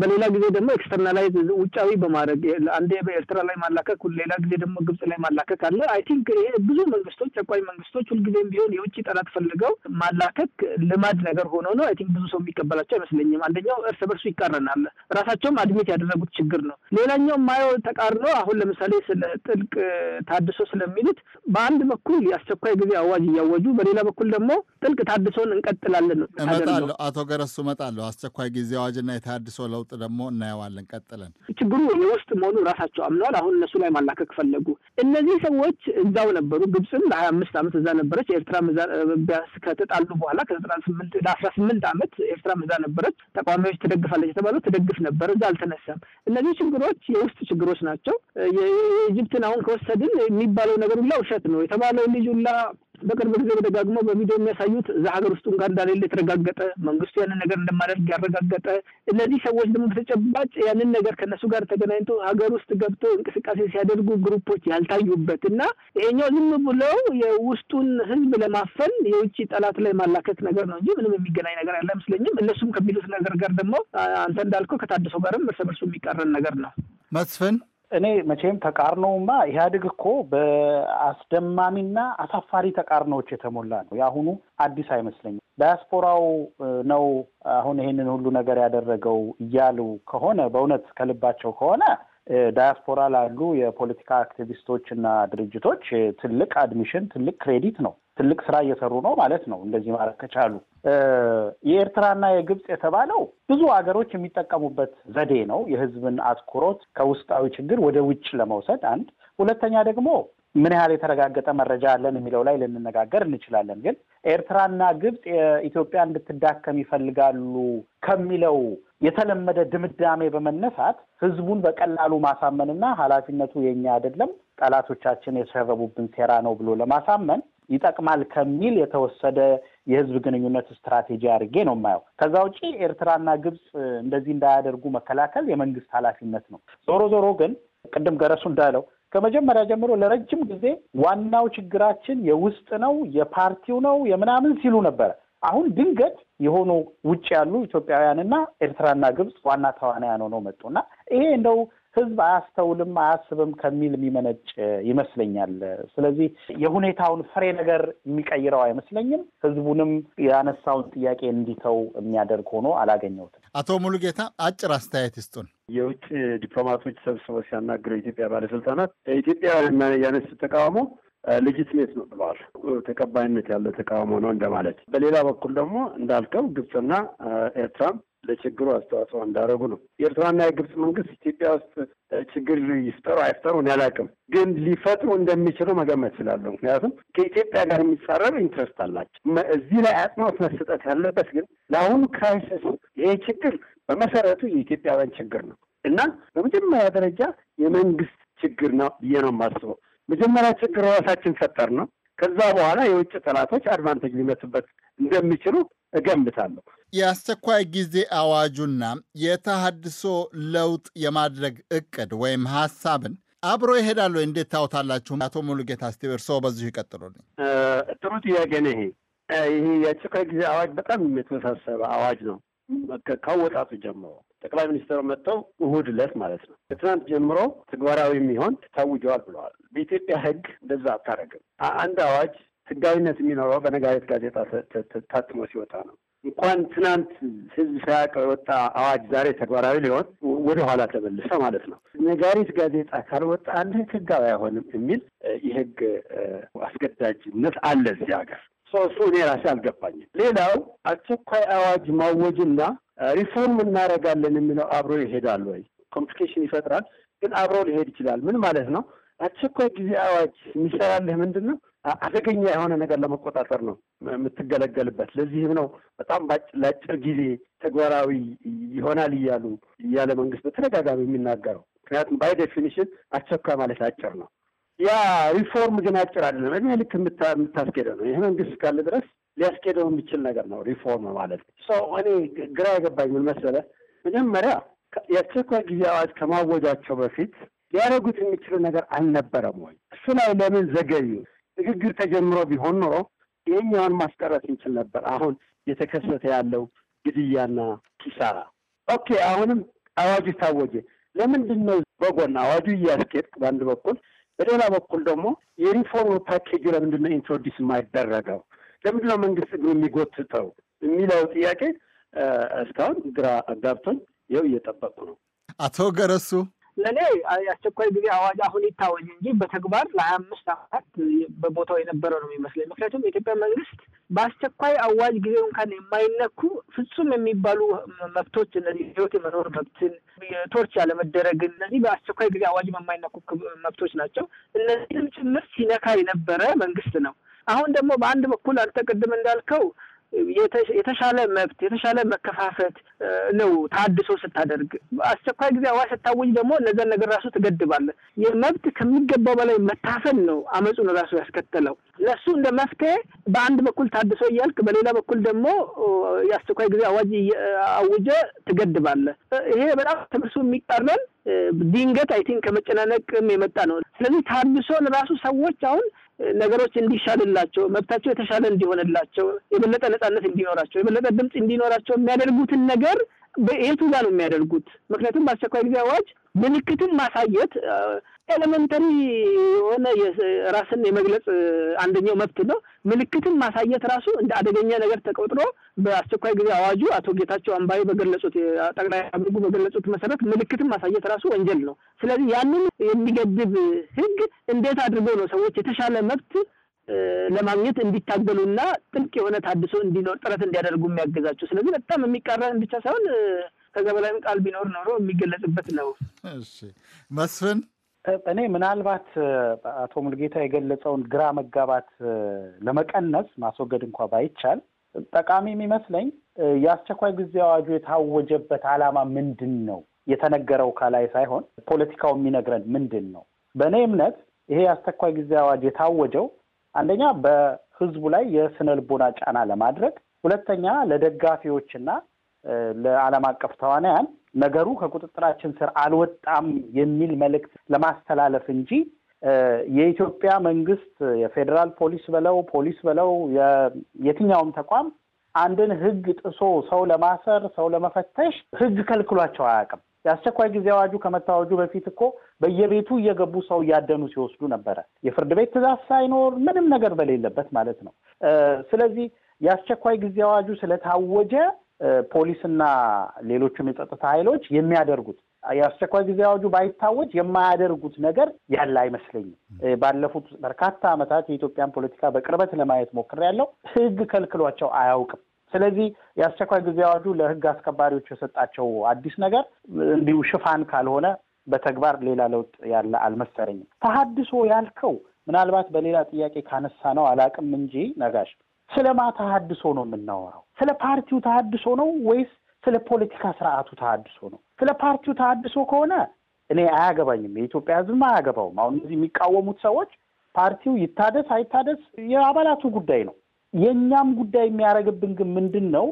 በሌላ ጊዜ ደግሞ ኤክስተርናላይዝ ውጫዊ በማድረግ አንዴ በኤርትራ ላይ ማላከክ፣ ሌላ ጊዜ ደግሞ ግብጽ ላይ ማላከክ አለ። አይ ቲንክ ይሄ ብዙ መንግስቶች፣ ጨቋኝ መንግስቶች ሁልጊዜም ቢሆን የውጭ ጠላት ፈልገው ማላከክ ልማድ ነገር ሆኖ ነው። አይ ቲንክ ብዙ ሰው የሚቀበላቸው አይመስለኝም። አንደኛው እርስ በርሱ ይቃረናል። ራሳቸውም አድሜት ያደረጉት ችግር ነው። ሌላኛው ማየው ተቃርኖ አሁን ለምሳሌ ስለ ጥልቅ ታድሶ ስለሚሉት በአንድ በኩል የአስቸኳይ ጊዜ አዋጅ እያወጁ፣ በሌላ በኩል ደግሞ ጥልቅ ታድሶን እንቀጥላለን ነው። አቶ ገረሱ እመጣለሁ። አስቸኳይ ጊዜ አዋጅና የተሃድሶ ለውጥ ደግሞ እናየዋለን። ቀጥለን ችግሩ የውስጥ መሆኑ ራሳቸው አምነዋል። አሁን እነሱ ላይ ማላከክ ፈለጉ። እነዚህ ሰዎች እዛው ነበሩ። ግብፅም ለሀያ አምስት ዓመት እዛ ነበረች። ኤርትራ እዛ ከተጣሉ በኋላ ከዘጠና ስምንት ለአስራ ስምንት ዓመት ኤርትራም እዛ ነበረች። ተቃዋሚዎች ትደግፋለች የተባለው ትደግፍ ነበር፣ እዛ አልተነሳም። እነዚህ ችግሮች የውስጥ ችግሮች ናቸው። የኢጅፕትን አሁን ከወሰድን የሚባለው ነገር ሁላ ውሸት ነው የተባለው ልጅ ሁላ በቅርብ ጊዜ በደጋግሞ በቪዲዮ የሚያሳዩት እዛ ሀገር ውስጥ እንኳን እንዳሌለ የተረጋገጠ መንግስቱ ያንን ነገር እንደማደርግ ያረጋገጠ፣ እነዚህ ሰዎች ደግሞ በተጨባጭ ያንን ነገር ከእነሱ ጋር ተገናኝቶ ሀገር ውስጥ ገብቶ እንቅስቃሴ ሲያደርጉ ግሩፖች ያልታዩበት እና ይሄኛው ዝም ብለው የውስጡን ህዝብ ለማፈን የውጭ ጠላት ላይ ማላከት ነገር ነው እንጂ ምንም የሚገናኝ ነገር ያለ አይመስለኝም። እነሱም ከሚሉት ነገር ጋር ደግሞ አንተ እንዳልከው ከታደሰው ጋርም እርስ በርሱ የሚቀረን ነገር ነው መስፍን እኔ መቼም ተቃርኖውማ ኢህአዴግ እኮ በአስደማሚና አሳፋሪ ተቃርኖዎች የተሞላ ነው። የአሁኑ አዲስ አይመስለኝም። ዳያስፖራው ነው አሁን ይህንን ሁሉ ነገር ያደረገው እያሉ ከሆነ በእውነት ከልባቸው ከሆነ ዳያስፖራ ላሉ የፖለቲካ አክቲቪስቶች እና ድርጅቶች ትልቅ አድሚሽን፣ ትልቅ ክሬዲት ነው። ትልቅ ስራ እየሰሩ ነው ማለት ነው። እንደዚህ ማድረግ ከቻሉ የኤርትራና የግብፅ የተባለው ብዙ ሀገሮች የሚጠቀሙበት ዘዴ ነው። የህዝብን አትኩሮት ከውስጣዊ ችግር ወደ ውጭ ለመውሰድ አንድ፣ ሁለተኛ ደግሞ ምን ያህል የተረጋገጠ መረጃ አለን የሚለው ላይ ልንነጋገር እንችላለን። ግን ኤርትራና ግብፅ ኢትዮጵያ እንድትዳከም ይፈልጋሉ ከሚለው የተለመደ ድምዳሜ በመነሳት ህዝቡን በቀላሉ ማሳመንና ኃላፊነቱ የኛ አይደለም ጠላቶቻችን የሸረቡብን ሴራ ነው ብሎ ለማሳመን ይጠቅማል ከሚል የተወሰደ የህዝብ ግንኙነት ስትራቴጂ አድርጌ ነው የማየው። ከዛ ውጪ ኤርትራና ግብፅ እንደዚህ እንዳያደርጉ መከላከል የመንግስት ኃላፊነት ነው። ዞሮ ዞሮ ግን ቅድም ገረሱ እንዳለው ከመጀመሪያ ጀምሮ ለረጅም ጊዜ ዋናው ችግራችን የውስጥ ነው፣ የፓርቲው ነው፣ የምናምን ሲሉ ነበረ። አሁን ድንገት የሆኑ ውጭ ያሉ ኢትዮጵያውያንና ኤርትራና ግብፅ ዋና ተዋናያን ሆነው መጡና ይሄ እንደው ህዝብ አያስተውልም፣ አያስብም ከሚል የሚመነጭ ይመስለኛል። ስለዚህ የሁኔታውን ፍሬ ነገር የሚቀይረው አይመስለኝም። ህዝቡንም ያነሳውን ጥያቄ እንዲተው የሚያደርግ ሆኖ አላገኘሁትም። አቶ ሙሉጌታ አጭር አስተያየት ይስጡን። የውጭ ዲፕሎማቶች ሰብስበው ሲያናግሩ የኢትዮጵያ ባለስልጣናት ኢትዮጵያ ያነሱ ተቃውሞ ሌጂትሜት ነው ብለዋል። ተቀባይነት ያለ ተቃውሞ ነው እንደማለት። በሌላ በኩል ደግሞ እንዳልከው ግብፅና ኤርትራም ለችግሩ አስተዋጽኦ እንዳደረጉ ነው። የኤርትራና የግብጽ መንግስት ኢትዮጵያ ውስጥ ችግር ይፍጠሩ አይፍጠሩ እኔ አላውቅም፣ ግን ሊፈጥሩ እንደሚችሉ መገመት ስላለ ምክንያቱም ከኢትዮጵያ ጋር የሚጻረር ኢንትረስት አላቸው። እዚህ ላይ አጽንኦት መሰጠት ያለበት ግን ለአሁኑ ክራይሲስ ይሄ ችግር በመሰረቱ የኢትዮጵያውያን ችግር ነው እና በመጀመሪያ ደረጃ የመንግስት ችግር ነው ብዬ ነው የማስበው። መጀመሪያ ችግር ራሳችን ፈጠር ነው። ከዛ በኋላ የውጭ ጠላቶች አድቫንቴጅ ሊመቱበት እንደሚችሉ እገምታለሁ። የአስቸኳይ ጊዜ አዋጁና የተሃድሶ ለውጥ የማድረግ እቅድ ወይም ሀሳብን አብሮ ይሄዳሉ። እንዴት ታውታላችሁ? አቶ ሙሉጌታ እስቲ እርስዎ በዚሁ ይቀጥሉልኝ። ጥሩ ጥያቄ ነው። ይሄ ይህ የአስቸኳይ ጊዜ አዋጅ በጣም የተወሳሰበ አዋጅ ነው። ከወጣቱ ጀምሮ ጠቅላይ ሚኒስትሩ መጥተው እሁድ ዕለት ማለት ነው ከትናንት ጀምሮ ተግባራዊ የሚሆን ታውጀዋል ብለዋል። በኢትዮጵያ ሕግ እንደዛ አታደርግም። አንድ አዋጅ ህጋዊነት የሚኖረው በነጋሪት ጋዜጣ ታትሞ ሲወጣ ነው። እንኳን ትናንት ህዝብ ሳያውቀው የወጣ አዋጅ ዛሬ ተግባራዊ ሊሆን ወደኋላ ተመልሰ ማለት ነው። ነጋሪት ጋዜጣ ካልወጣ አንድ ህጋዊ አይሆንም የሚል የህግ አስገዳጅነት አለ እዚህ ሀገር። እሱ እኔ ራሴ አልገባኝም። ሌላው አስቸኳይ አዋጅ ማወጅና ሪፎርም እናደርጋለን የሚለው አብሮ ይሄዳል ወይ? ኮምፕሊኬሽን ይፈጥራል፣ ግን አብሮ ሊሄድ ይችላል። ምን ማለት ነው? አስቸኳይ ጊዜ አዋጅ የሚሰራልህ ምንድን ነው? አደገኛ የሆነ ነገር ለመቆጣጠር ነው የምትገለገልበት። ለዚህም ነው በጣም ለአጭር ጊዜ ተግባራዊ ይሆናል እያሉ እያለ መንግስት በተደጋጋሚ የሚናገረው። ምክንያቱም ባይ ዴፊኒሽን አስቸኳይ ማለት አጭር ነው። ያ ሪፎርም ግን አጭር አይደለም፣ እድሜ ልክ የምታስኬደው ነው። ይህ መንግስት እስካለ ድረስ ሊያስኬደው የሚችል ነገር ነው ሪፎርም ማለት ሰው። እኔ ግራ የገባኝ ምን መሰለ፣ መጀመሪያ የአስቸኳይ ጊዜ አዋጅ ከማወጃቸው በፊት ሊያደርጉት የሚችሉ ነገር አልነበረም ወይ? እሱ ላይ ለምን ዘገዩ? ንግግር ተጀምሮ ቢሆን ኖሮ ይህኛውን ማስቀረት እንችል ነበር። አሁን የተከሰተ ያለው ግድያና ኪሳራ። ኦኬ፣ አሁንም አዋጁ ታወጀ። ለምንድን ነው በጎን አዋጁ እያስኬጥ በአንድ በኩል በሌላ በኩል ደግሞ የሪፎርም ፓኬጁ ለምንድን ነው ኢንትሮዲስ የማይደረገው? ለምንድን ነው መንግስት እግሩ የሚጎትተው የሚለው ጥያቄ እስካሁን ግራ አጋብቶኝ ይኸው እየጠበቁ ነው። አቶ ገረሱ ለእኔ የአስቸኳይ ጊዜ አዋጅ አሁን ይታወጅ እንጂ በተግባር ለሀያ አምስት አመታት በቦታው የነበረ ነው የሚመስለኝ። ምክንያቱም የኢትዮጵያ መንግስት በአስቸኳይ አዋጅ ጊዜ እንኳን የማይነኩ ፍጹም የሚባሉ መብቶች እነዚህ ህይወት የመኖር መብትን፣ የቶርች ያለመደረግን እነዚህ በአስቸኳይ ጊዜ አዋጅ የማይነኩ መብቶች ናቸው። እነዚህም ጭምር ሲነካ የነበረ መንግስት ነው። አሁን ደግሞ በአንድ በኩል አንተ ቅድም እንዳልከው የተሻለ መብት የተሻለ መከፋፈት ነው ታድሶ ስታደርግ። አስቸኳይ ጊዜ አዋጅ ስታወጅ ደግሞ እነዛን ነገር ራሱ ትገድባለህ። የመብት ከሚገባው በላይ መታፈን ነው አመፁን ራሱ ያስከተለው። ለሱ እንደ መፍትሄ በአንድ በኩል ታድሶ እያልክ፣ በሌላ በኩል ደግሞ የአስቸኳይ ጊዜ አዋጅ አውጀ ትገድባለህ። ይሄ በጣም ትምህርቱ የሚቃረን ድንገት አይ ቲንክ ከመጨናነቅም የመጣ ነው። ስለዚህ ታድሶን ራሱ ሰዎች አሁን ነገሮች እንዲሻልላቸው መብታቸው የተሻለ እንዲሆንላቸው የበለጠ ነጻነት እንዲኖራቸው የበለጠ ድምፅ እንዲኖራቸው የሚያደርጉትን ነገር በየቱ ጋር ነው የሚያደርጉት? ምክንያቱም በአስቸኳይ ጊዜ አዋጅ ምልክትን ማሳየት ኤሌመንተሪ የሆነ ራስን የመግለጽ አንደኛው መብት ነው። ምልክትን ማሳየት ራሱ እንደ አደገኛ ነገር ተቆጥሮ በአስቸኳይ ጊዜ አዋጁ አቶ ጌታቸው አምባዬ በገለጹት ጠቅላይ አብርጉ በገለጹት መሰረት ምልክትን ማሳየት ራሱ ወንጀል ነው። ስለዚህ ያንን የሚገድብ ህግ እንዴት አድርጎ ነው ሰዎች የተሻለ መብት ለማግኘት እንዲታገሉና ጥልቅ የሆነ ታድሶ እንዲኖር ጥረት እንዲያደርጉ የሚያገዛቸው? ስለዚህ በጣም የሚቃረን ብቻ ሳይሆን ከዛ በላይም ቃል ቢኖር ኖሮ የሚገለጽበት ነው። መስፍን እኔ ምናልባት አቶ ሙልጌታ የገለጸውን ግራ መጋባት ለመቀነስ ማስወገድ እንኳ ባይቻል ጠቃሚ የሚመስለኝ የአስቸኳይ ጊዜ አዋጁ የታወጀበት ዓላማ ምንድን ነው? የተነገረው ከላይ ሳይሆን ፖለቲካው የሚነግረን ምንድን ነው? በእኔ እምነት ይሄ የአስቸኳይ ጊዜ አዋጅ የታወጀው አንደኛ በሕዝቡ ላይ የስነ ልቦና ጫና ለማድረግ፣ ሁለተኛ ለደጋፊዎችና ለዓለም አቀፍ ተዋናያን ነገሩ ከቁጥጥራችን ስር አልወጣም የሚል መልእክት ለማስተላለፍ እንጂ የኢትዮጵያ መንግስት የፌዴራል ፖሊስ በለው ፖሊስ በለው የትኛውም ተቋም አንድን ህግ ጥሶ ሰው ለማሰር ሰው ለመፈተሽ ህግ ከልክሏቸው አያውቅም። የአስቸኳይ ጊዜ አዋጁ ከመታወጁ በፊት እኮ በየቤቱ እየገቡ ሰው እያደኑ ሲወስዱ ነበረ፣ የፍርድ ቤት ትእዛዝ ሳይኖር ምንም ነገር በሌለበት ማለት ነው። ስለዚህ የአስቸኳይ ጊዜ አዋጁ ስለታወጀ ፖሊስና ሌሎችም የጸጥታ ኃይሎች የሚያደርጉት የአስቸኳይ ጊዜ አዋጁ ባይታወጅ የማያደርጉት ነገር ያለ አይመስለኝም። ባለፉት በርካታ ዓመታት የኢትዮጵያን ፖለቲካ በቅርበት ለማየት ሞክሬያለሁ። ሕግ ከልክሏቸው አያውቅም። ስለዚህ የአስቸኳይ ጊዜ አዋጁ ለሕግ አስከባሪዎች የሰጣቸው አዲስ ነገር እንዲሁ ሽፋን ካልሆነ በተግባር ሌላ ለውጥ ያለ አልመሰለኝም። ተሀድሶ ያልከው ምናልባት በሌላ ጥያቄ ካነሳ ነው አላቅም እንጂ ነጋሽ ስለ ማ ነው የምናወራው? ስለ ፓርቲው ተሃድሶ ነው ወይስ ስለ ፖለቲካ ስርዓቱ ተሃድሶ ነው? ስለ ፓርቲው ተሃድሶ ከሆነ እኔ አያገባኝም፣ የኢትዮጵያ ሕዝብም አያገባውም። አሁን እዚህ የሚቃወሙት ሰዎች ፓርቲው ይታደስ አይታደስ የአባላቱ ጉዳይ ነው። የእኛም ጉዳይ የሚያደርግብን ግን ምንድን ነው?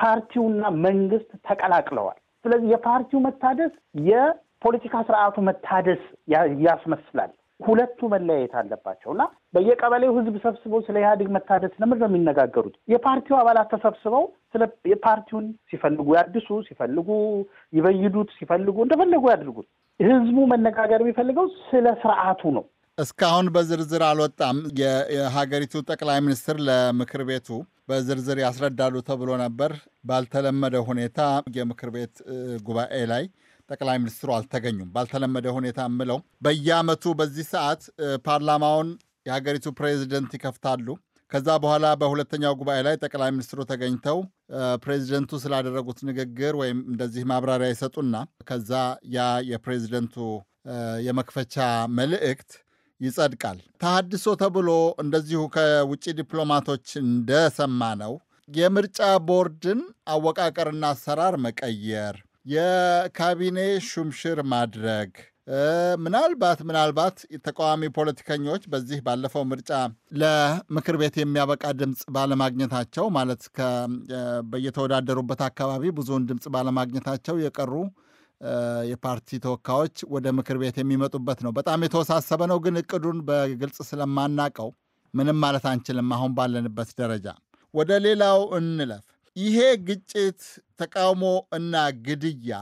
ፓርቲውና መንግስት ተቀላቅለዋል። ስለዚህ የፓርቲው መታደስ የፖለቲካ ስርዓቱ መታደስ ያስመስላል። ሁለቱ መለያየት አለባቸው እና በየቀበሌው ህዝብ ሰብስበው ስለ ኢህአዴግ መታደስ ለምድ ነው የሚነጋገሩት። የፓርቲው አባላት ተሰብስበው ስለ የፓርቲውን ሲፈልጉ ያድሱ፣ ሲፈልጉ ይበይዱት፣ ሲፈልጉ እንደፈለጉ ያድርጉት። ህዝቡ መነጋገር የሚፈልገው ስለ ስርዓቱ ነው። እስካሁን በዝርዝር አልወጣም። የሀገሪቱ ጠቅላይ ሚኒስትር ለምክር ቤቱ በዝርዝር ያስረዳሉ ተብሎ ነበር። ባልተለመደ ሁኔታ የምክር ቤት ጉባኤ ላይ ጠቅላይ ሚኒስትሩ አልተገኙም። ባልተለመደ ሁኔታ ምለው በየዓመቱ በዚህ ሰዓት ፓርላማውን የሀገሪቱ ፕሬዚደንት ይከፍታሉ። ከዛ በኋላ በሁለተኛው ጉባኤ ላይ ጠቅላይ ሚኒስትሩ ተገኝተው ፕሬዚደንቱ ስላደረጉት ንግግር ወይም እንደዚህ ማብራሪያ ይሰጡና ከዛ ያ የፕሬዚደንቱ የመክፈቻ መልእክት ይጸድቃል። ተሃድሶ ተብሎ እንደዚሁ ከውጭ ዲፕሎማቶች እንደሰማ ነው የምርጫ ቦርድን አወቃቀርና አሰራር መቀየር የካቢኔ ሹምሽር ማድረግ ምናልባት ምናልባት ተቃዋሚ ፖለቲከኞች በዚህ ባለፈው ምርጫ ለምክር ቤት የሚያበቃ ድምፅ ባለማግኘታቸው ማለት በየተወዳደሩበት አካባቢ ብዙውን ድምፅ ባለማግኘታቸው የቀሩ የፓርቲ ተወካዮች ወደ ምክር ቤት የሚመጡበት ነው። በጣም የተወሳሰበ ነው፣ ግን እቅዱን በግልጽ ስለማናቀው ምንም ማለት አንችልም አሁን ባለንበት ደረጃ። ወደ ሌላው እንለፍ። ይሄ ግጭት፣ ተቃውሞ እና ግድያ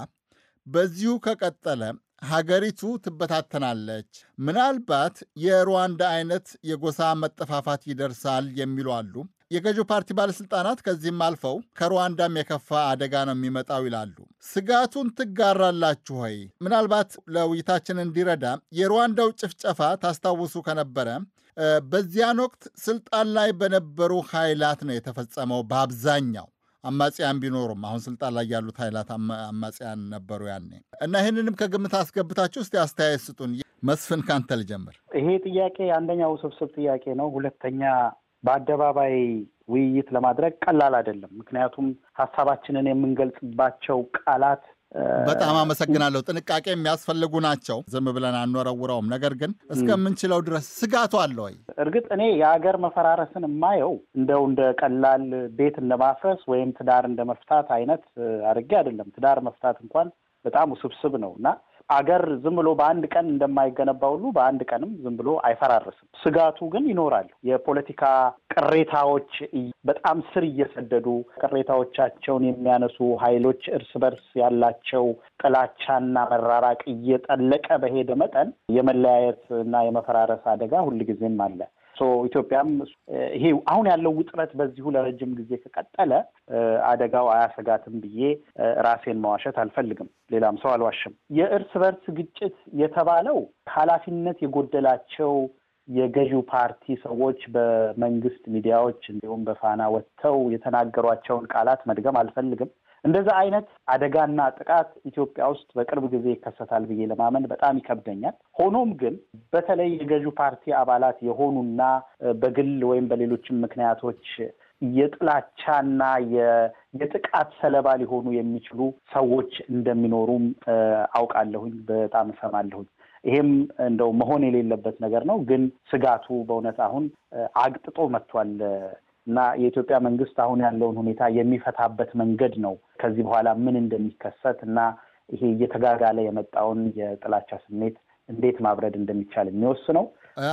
በዚሁ ከቀጠለ ሀገሪቱ ትበታተናለች፣ ምናልባት የሩዋንዳ አይነት የጎሳ መጠፋፋት ይደርሳል የሚሉ አሉ። የገዢው ፓርቲ ባለሥልጣናት ከዚህም አልፈው ከሩዋንዳም የከፋ አደጋ ነው የሚመጣው ይላሉ። ስጋቱን ትጋራላችሁ ሆይ? ምናልባት ለውይይታችን እንዲረዳ የሩዋንዳው ጭፍጨፋ ታስታውሱ ከነበረ በዚያን ወቅት ስልጣን ላይ በነበሩ ኃይላት ነው የተፈጸመው በአብዛኛው አማጽያን ቢኖሩም አሁን ስልጣን ላይ ያሉት ኃይላት አማጽያን ነበሩ ያኔ እና ይህንንም ከግምት አስገብታችሁ እስቲ አስተያየት ስጡን። መስፍን ካንተ ልጀምር። ይሄ ጥያቄ አንደኛ ውስብስብ ጥያቄ ነው። ሁለተኛ በአደባባይ ውይይት ለማድረግ ቀላል አይደለም። ምክንያቱም ሀሳባችንን የምንገልጽባቸው ቃላት በጣም አመሰግናለሁ። ጥንቃቄ የሚያስፈልጉ ናቸው። ዝም ብለን አንወረውረውም። ነገር ግን እስከምንችለው ድረስ ስጋቱ አለ ወይ? እርግጥ እኔ የሀገር መፈራረስን የማየው እንደው እንደ ቀላል ቤት ለማፍረስ ወይም ትዳር እንደ መፍታት አይነት አድርጌ አይደለም። ትዳር መፍታት እንኳን በጣም ውስብስብ ነው እና አገር ዝም ብሎ በአንድ ቀን እንደማይገነባ ሁሉ በአንድ ቀንም ዝም ብሎ አይፈራርስም። ስጋቱ ግን ይኖራል። የፖለቲካ ቅሬታዎች በጣም ስር እየሰደዱ ቅሬታዎቻቸውን የሚያነሱ ኃይሎች እርስ በርስ ያላቸው ጥላቻና መራራቅ እየጠለቀ በሄደ መጠን የመለያየት እና የመፈራረስ አደጋ ሁልጊዜም አለ። ኢትዮጵያም ይሄ አሁን ያለው ውጥረት በዚሁ ለረጅም ጊዜ ከቀጠለ አደጋው አያሰጋትም ብዬ ራሴን መዋሸት አልፈልግም። ሌላም ሰው አልዋሽም። የእርስ በርስ ግጭት የተባለው ኃላፊነት የጎደላቸው የገዢው ፓርቲ ሰዎች በመንግስት ሚዲያዎች እንዲሁም በፋና ወጥተው የተናገሯቸውን ቃላት መድገም አልፈልግም። እንደዛ አይነት አደጋና ጥቃት ኢትዮጵያ ውስጥ በቅርብ ጊዜ ይከሰታል ብዬ ለማመን በጣም ይከብደኛል። ሆኖም ግን በተለይ የገዢ ፓርቲ አባላት የሆኑና በግል ወይም በሌሎችም ምክንያቶች የጥላቻና የጥቃት ሰለባ ሊሆኑ የሚችሉ ሰዎች እንደሚኖሩም አውቃለሁኝ፣ በጣም እሰማለሁኝ። ይሄም እንደው መሆን የሌለበት ነገር ነው። ግን ስጋቱ በእውነት አሁን አግጥጦ መጥቷል። እና የኢትዮጵያ መንግስት አሁን ያለውን ሁኔታ የሚፈታበት መንገድ ነው ከዚህ በኋላ ምን እንደሚከሰት እና ይሄ እየተጋጋለ የመጣውን የጥላቻ ስሜት እንዴት ማብረድ እንደሚቻል የሚወስነው።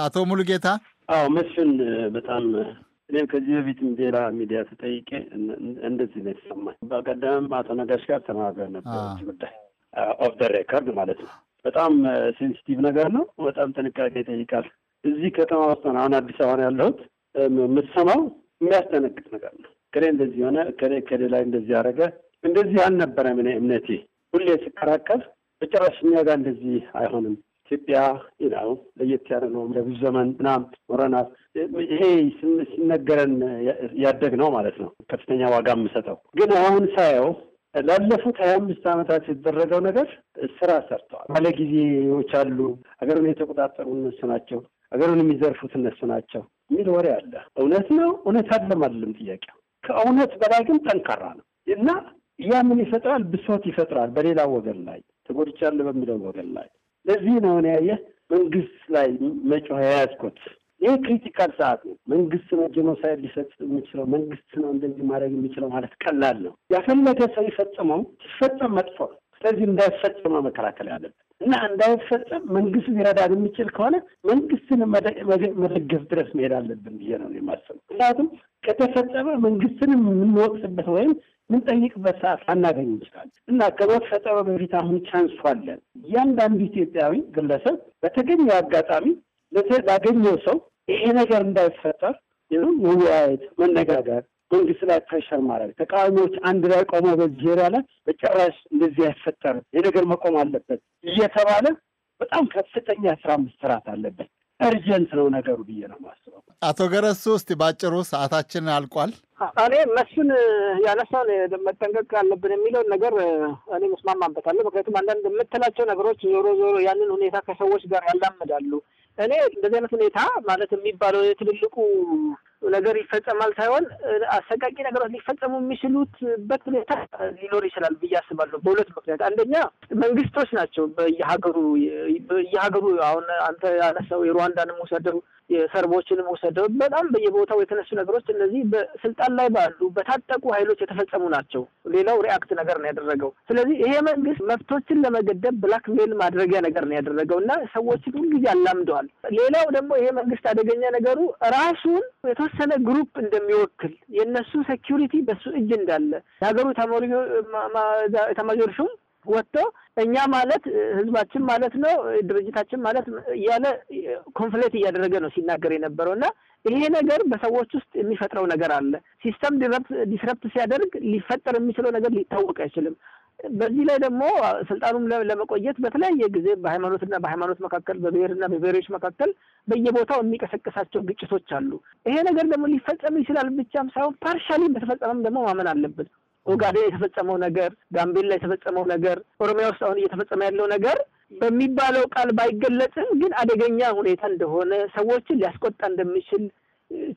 አቶ ሙሉጌታ አዎ፣ መስፍን በጣም እኔም ከዚህ በፊት ሌላ ሚዲያ ተጠይቄ እንደዚህ ነው የተሰማኝ። በቀደምም አቶ ነጋሽ ጋር ተናግረን ነበር ጉዳይ ኦፍ ደ ሬከርድ ማለት ነው። በጣም ሴንሲቲቭ ነገር ነው። በጣም ጥንቃቄ ይጠይቃል። እዚህ ከተማ ውስጥ አሁን አዲስ አበባ ያለሁት የምትሰማው የሚያስጠነቅቅ ነገር ነው። ከሌ እንደዚህ የሆነ ከሌ ከሌ ላይ እንደዚህ ያደረገ እንደዚህ አልነበረም። እኔ እምነቴ ሁሌ ስከራከር በጭራሽ እኛ ጋር እንደዚህ አይሆንም ኢትዮጵያ ነው ለየት ያለ ነው። ለብዙ ዘመን ምናምን ወረናት ይሄ ሲነገረን ያደግ ነው ማለት ነው። ከፍተኛ ዋጋ የምሰጠው ግን አሁን ሳየው ላለፉት ሀያ አምስት ዓመታት የተደረገው ነገር ስራ ሰርተዋል። ባለጊዜዎች አሉ። ሀገሩን የተቆጣጠሩ እነሱ ናቸው። ሀገሩን የሚዘርፉት እነሱ ናቸው። የሚል ወሬ አለ። እውነት ነው እውነት አለም አይደለም ጥያቄ። ከእውነት በላይ ግን ጠንካራ ነው እና ያ ምን ይፈጥራል? ብሶት ይፈጥራል። በሌላ ወገን ላይ ተጎድቻለ በሚለው ወገን ላይ ለዚህ ነው እኔ ያየ መንግስት ላይ መጮህ የያዝኩት ይህ ክሪቲካል ሰዓት ነው። መንግስት ነው ጄኖሳይድ ሊሰጥ የሚችለው መንግስት ነው እንደዚህ ማድረግ የሚችለው ማለት ቀላል ነው። ያፈለገ ሰው ይፈጽመው ሲፈጸም መጥፎ ነው። ስለዚህ እንዳይፈጸም ነው መከላከል ያለብን እና እንዳይፈጸም መንግስት ሊረዳን የሚችል ከሆነ መንግስትን መደገፍ ድረስ መሄድ አለብን ብዬ ነው የማስበው። ምክንያቱም ከተፈጸመ መንግስትን የምንወቅስበት ወይም ምንጠይቅበት ሰዓት አናገኝ ይችላል እና ከመፈጸመ በፊት አሁን ቻንሱ አለን። እያንዳንዱ ኢትዮጵያዊ ግለሰብ በተገኘው አጋጣሚ ላገኘው ሰው ይሄ ነገር እንዳይፈጠር መወያየት፣ መነጋገር መንግስት ላይ ፕሬሽር ማድረግ ተቃዋሚዎች አንድ ላይ ቆሞ በዚህ ሄሪያ ላይ በጭራሽ እንደዚህ አይፈጠርም፣ ይህ ነገር መቆም አለበት እየተባለ በጣም ከፍተኛ ስራ መስራት አለበት። እርጀንት ነው ነገሩ ብዬ ነው ማስበው። አቶ ገረሱ እስቲ ባጭሩ ሰዓታችን አልቋል። እኔ መስፍን ያነሳን መጠንቀቅ አለብን የሚለውን ነገር እኔ መስማማበታለሁ። ምክንያቱም አንዳንድ የምትላቸው ነገሮች ዞሮ ዞሮ ያንን ሁኔታ ከሰዎች ጋር ያላምዳሉ። እኔ እንደዚህ አይነት ሁኔታ ማለት የሚባለው የትልልቁ ነገር ይፈጸማል ሳይሆን አሰቃቂ ነገሮች ሊፈጸሙ የሚችሉትበት ሁኔታ ሊኖር ይችላል ብዬ አስባለሁ። በሁለት ምክንያት፣ አንደኛ መንግስቶች ናቸው በየሀገሩ በየሀገሩ አሁን አንተ ያነሳው የሩዋንዳንም ውሰደው የሰርቦችንም ውሰደው በጣም በየቦታው የተነሱ ነገሮች እነዚህ በስልጣን ላይ ባሉ በታጠቁ ኃይሎች የተፈጸሙ ናቸው። ሌላው ሪአክት ነገር ነው ያደረገው። ስለዚህ ይሄ መንግስት መብቶችን ለመገደብ ብላክሜል ማድረጊያ ነገር ነው ያደረገው እና ሰዎችን ሁልጊዜ አላምደዋል። ሌላው ደግሞ ይሄ መንግስት አደገኛ ነገሩ ራሱን የተወሰነ ግሩፕ እንደሚወክል የእነሱ ሴኪሪቲ በሱ እጅ እንዳለ የሀገሩ ኤታማዦር ሹም ወጥቶ እኛ ማለት ህዝባችን ማለት ነው ድርጅታችን ማለት እያለ ኮንፍሌት እያደረገ ነው ሲናገር የነበረው እና ይሄ ነገር በሰዎች ውስጥ የሚፈጥረው ነገር አለ። ሲስተም ዲስረፕት ሲያደርግ ሊፈጠር የሚችለው ነገር ሊታወቅ አይችልም። በዚህ ላይ ደግሞ ስልጣኑም ለመቆየት በተለያየ ጊዜ በሃይማኖትና በሃይማኖት መካከል በብሔርና በብሔሮች መካከል በየቦታው የሚቀሰቅሳቸው ግጭቶች አሉ። ይሄ ነገር ደግሞ ሊፈጸም ይችላል ብቻም ሳይሆን ፓርሻሊ በተፈጸመም ደግሞ ማመን አለብን። ኦጋዴን የተፈጸመው ነገር፣ ጋምቤላ የተፈጸመው ነገር፣ ኦሮሚያ ውስጥ አሁን እየተፈጸመ ያለው ነገር በሚባለው ቃል ባይገለጽም ግን አደገኛ ሁኔታ እንደሆነ ሰዎችን ሊያስቆጣ እንደሚችል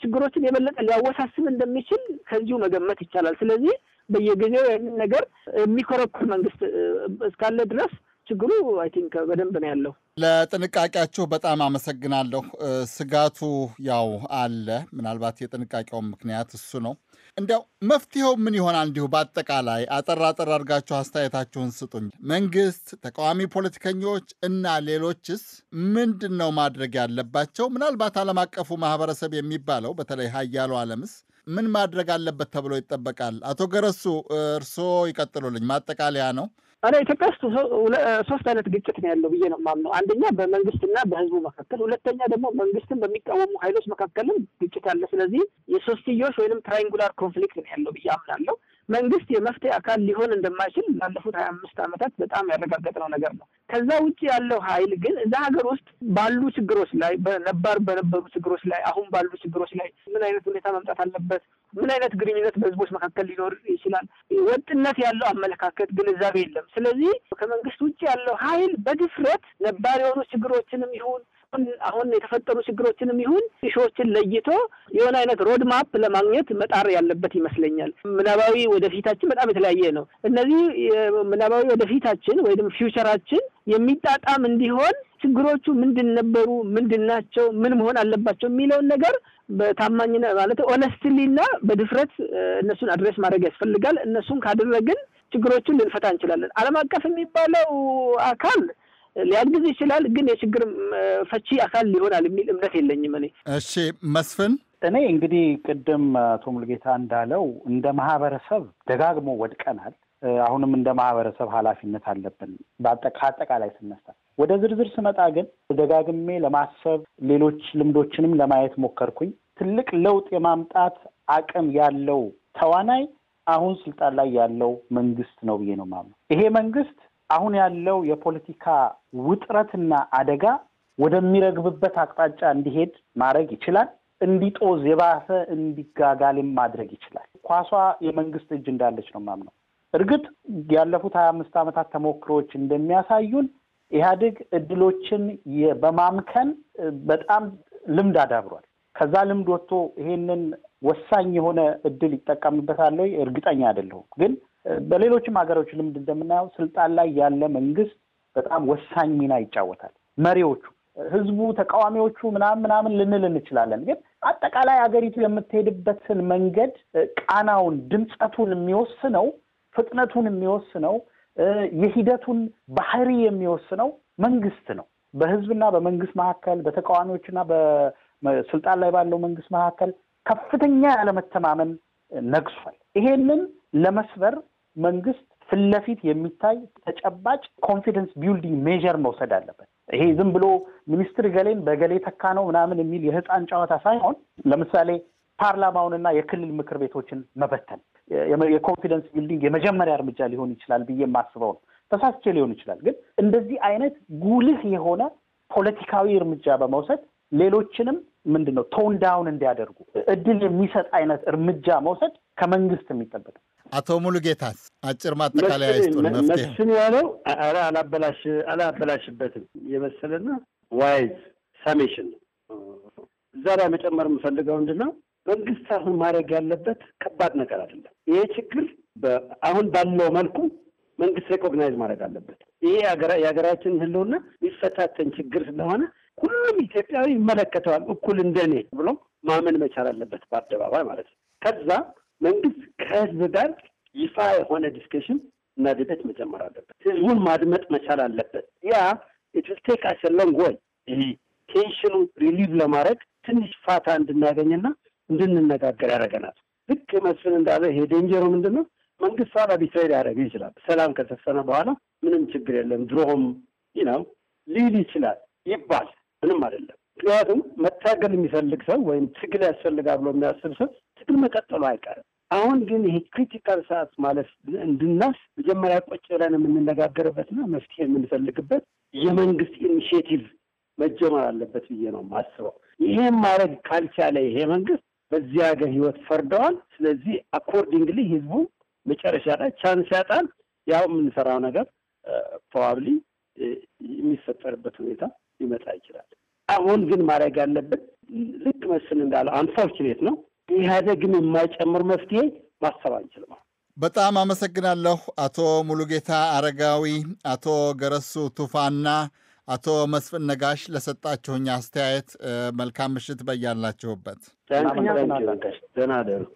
ችግሮችን የበለጠ ሊያወሳስብ እንደሚችል ከዚሁ መገመት ይቻላል። ስለዚህ በየጊዜው ይህንን ነገር የሚኮረኩር መንግስት እስካለ ድረስ ችግሩ አይ ቲንክ በደንብ ነው ያለው። ለጥንቃቄያችሁ በጣም አመሰግናለሁ። ስጋቱ ያው አለ። ምናልባት የጥንቃቄው ምክንያት እሱ ነው። እንዲያው መፍትሄው ምን ይሆናል? እንዲሁ በአጠቃላይ አጠር አጠር አድርጋችሁ አስተያየታችሁን ስጡኝ። መንግስት፣ ተቃዋሚ ፖለቲከኞች እና ሌሎችስ ምንድን ነው ማድረግ ያለባቸው? ምናልባት ዓለም አቀፉ ማህበረሰብ የሚባለው በተለይ ሀያሉ ዓለምስ ምን ማድረግ አለበት ተብሎ ይጠበቃል? አቶ ገረሱ እርስዎ ይቀጥሉልኝ፣ ማጠቃለያ ነው። እኔ ኢትዮጵያ ውስጥ ሶስት አይነት ግጭት ነው ያለው ብዬ ነው የማምነው። አንደኛ በመንግስትና በህዝቡ መካከል፣ ሁለተኛ ደግሞ መንግስትን በሚቃወሙ ኃይሎች መካከልም ግጭት አለ። ስለዚህ የሶስትዮሽ ወይንም ትራይንጉላር ኮንፍሊክት ነው ያለው ብዬ አምናለሁ። መንግስት የመፍትሄ አካል ሊሆን እንደማይችል ላለፉት ሀያ አምስት ዓመታት በጣም ያረጋገጥነው ነገር ነው። ከዛ ውጭ ያለው ኃይል ግን እዛ ሀገር ውስጥ ባሉ ችግሮች ላይ በነባር በነበሩ ችግሮች ላይ አሁን ባሉ ችግሮች ላይ ምን አይነት ሁኔታ መምጣት አለበት፣ ምን አይነት ግንኙነት በህዝቦች መካከል ሊኖር ይችላል፣ ወጥነት ያለው አመለካከት ግንዛቤ የለም። ስለዚህ ከመንግስት ውጭ ያለው ኃይል በድፍረት ነባር የሆኑ ችግሮችንም ይሁን አሁን አሁን የተፈጠሩ ችግሮችንም ይሁን ኢሹዎችን ለይቶ የሆነ አይነት ሮድ ማፕ ለማግኘት መጣር ያለበት ይመስለኛል። ምናባዊ ወደፊታችን በጣም የተለያየ ነው። እነዚህ ምናባዊ ወደፊታችን ወይም ፊውቸራችን የሚጣጣም እንዲሆን ችግሮቹ ምንድን ነበሩ፣ ምንድን ናቸው፣ ምን መሆን አለባቸው የሚለውን ነገር በታማኝነት ማለት ኦነስትሊ እና በድፍረት እነሱን አድሬስ ማድረግ ያስፈልጋል። እነሱን ካደረግን ችግሮቹን ልንፈታ እንችላለን። ዓለም አቀፍ የሚባለው አካል ሊያግዝ ይችላል፣ ግን የችግር ፈቺ አካል ይሆናል የሚል እምነት የለኝም እኔ። እሺ መስፍን። እኔ እንግዲህ ቅድም አቶ ሙልጌታ እንዳለው እንደ ማህበረሰብ ደጋግሞ ወድቀናል። አሁንም እንደ ማህበረሰብ ኃላፊነት አለብን። ከአጠቃላይ ስነሳ ወደ ዝርዝር ስመጣ ግን ደጋግሜ ለማሰብ ሌሎች ልምዶችንም ለማየት ሞከርኩኝ። ትልቅ ለውጥ የማምጣት አቅም ያለው ተዋናይ አሁን ስልጣን ላይ ያለው መንግስት ነው ብዬ ነው የማምነው። ይሄ መንግስት አሁን ያለው የፖለቲካ ውጥረትና አደጋ ወደሚረግብበት አቅጣጫ እንዲሄድ ማድረግ ይችላል። እንዲጦዝ የባሰ እንዲጋጋልም ማድረግ ይችላል። ኳሷ የመንግስት እጅ እንዳለች ነው ማምነው። እርግጥ ያለፉት ሀያ አምስት ዓመታት ተሞክሮዎች እንደሚያሳዩን ኢህአዴግ እድሎችን በማምከን በጣም ልምድ አዳብሯል። ከዛ ልምድ ወጥቶ ይሄንን ወሳኝ የሆነ እድል ይጠቀምበታል ወይ እርግጠኛ አይደለሁም ግን በሌሎችም ሀገሮች ልምድ እንደምናየው ስልጣን ላይ ያለ መንግስት በጣም ወሳኝ ሚና ይጫወታል። መሪዎቹ፣ ህዝቡ፣ ተቃዋሚዎቹ ምናምን ምናምን ልንል እንችላለን። ግን አጠቃላይ ሀገሪቱ የምትሄድበትን መንገድ ቃናውን፣ ድምፀቱን የሚወስነው ፍጥነቱን የሚወስነው የሂደቱን ባህሪ የሚወስነው መንግስት ነው። በህዝብና በመንግስት መካከል በተቃዋሚዎችና በስልጣን ላይ ባለው መንግስት መካከል ከፍተኛ ያለመተማመን ነግሷል። ይሄንን ለመስበር መንግስት ፍለፊት የሚታይ ተጨባጭ ኮንፊደንስ ቢልዲንግ ሜዥር መውሰድ አለበት። ይሄ ዝም ብሎ ሚኒስትር ገሌን በገሌ ተካ ነው ምናምን የሚል የህፃን ጨዋታ ሳይሆን ለምሳሌ ፓርላማውንና የክልል ምክር ቤቶችን መበተን የኮንፊደንስ ቢልዲንግ የመጀመሪያ እርምጃ ሊሆን ይችላል ብዬ የማስበው ነው። ተሳስቼ ሊሆን ይችላል፣ ግን እንደዚህ አይነት ጉልህ የሆነ ፖለቲካዊ እርምጃ በመውሰድ ሌሎችንም ምንድን ነው ቶን ዳውን እንዲያደርጉ እድል የሚሰጥ አይነት እርምጃ መውሰድ ከመንግስት የሚጠበቅ። አቶ ሙሉጌታስ አጭር ማጠቃለያ ይስጡን። ያለው ኧረ አላበላሽ አላበላሽበትም የመሰለና ዋይዝ ሰሜሽን እዛ ላይ መጨመር የምፈልገው ምንድነው መንግስት አሁን ማድረግ ያለበት ከባድ ነገር አይደለም። ይሄ ችግር አሁን ባለው መልኩ መንግስት ሬኮግናይዝ ማድረግ አለበት። ይሄ የሀገራችን ህልውና የሚፈታተን ችግር ስለሆነ ሁሉም ኢትዮጵያዊ ይመለከተዋል እኩል እንደኔ ብሎ ማመን መቻል አለበት፣ በአደባባይ ማለት ነው። ከዛ መንግስት ከህዝብ ጋር ይፋ የሆነ ዲስከሽን እና ዲቤት መጀመር አለበት። ህዝቡን ማድመጥ መቻል አለበት። ያ ኢትስቴክ አሸለንግ ጎይ ይህ ቴንሽኑ ሪሊቭ ለማድረግ ትንሽ ፋታ እንድናገኝና እንድንነጋገር ያደረገናል። ልክ መስፍን እንዳለ ይሄ ዴንጀሩ ምንድን ነው? መንግስት ኋላ ቢትሬድ ያደረገ ይችላል። ሰላም ከሰፈነ በኋላ ምንም ችግር የለም ድሮም ነው ሊል ይችላል ይባል ምንም አይደለም። ምክንያቱም መታገል የሚፈልግ ሰው ወይም ትግል ያስፈልጋል ብሎ የሚያስብ ሰው ትግል መቀጠሉ አይቀርም። አሁን ግን ይሄ ክሪቲካል ሰዓት ማለት እንድናስ መጀመሪያ ቆጭ ብለን የምንነጋገርበትና መፍትሄ የምንፈልግበት የመንግስት ኢኒሽቲቭ መጀመር አለበት ብዬ ነው የማስበው። ይሄን ማድረግ ካልቻለ ይሄ መንግስት በዚህ ሀገር ህይወት ፈርደዋል። ስለዚህ አኮርዲንግሊ ህዝቡ መጨረሻ ላይ ቻንስ ያጣል። ያው የምንሰራው ነገር ፕሮባብሊ የሚፈጠርበት ሁኔታ ሊመጣ ይችላል። አሁን ግን ማድረግ ያለብን ልክ መስል እንዳለው አንፎርቹኔት ነው። ኢህአዴግን የማይጨምር መፍትሄ ማሰብ አንችልም። በጣም አመሰግናለሁ አቶ ሙሉጌታ አረጋዊ፣ አቶ ገረሱ ቱፋና አቶ መስፍን ነጋሽ ለሰጣችሁኝ አስተያየት መልካም ምሽት በያላችሁበት። ደህና ደሩ።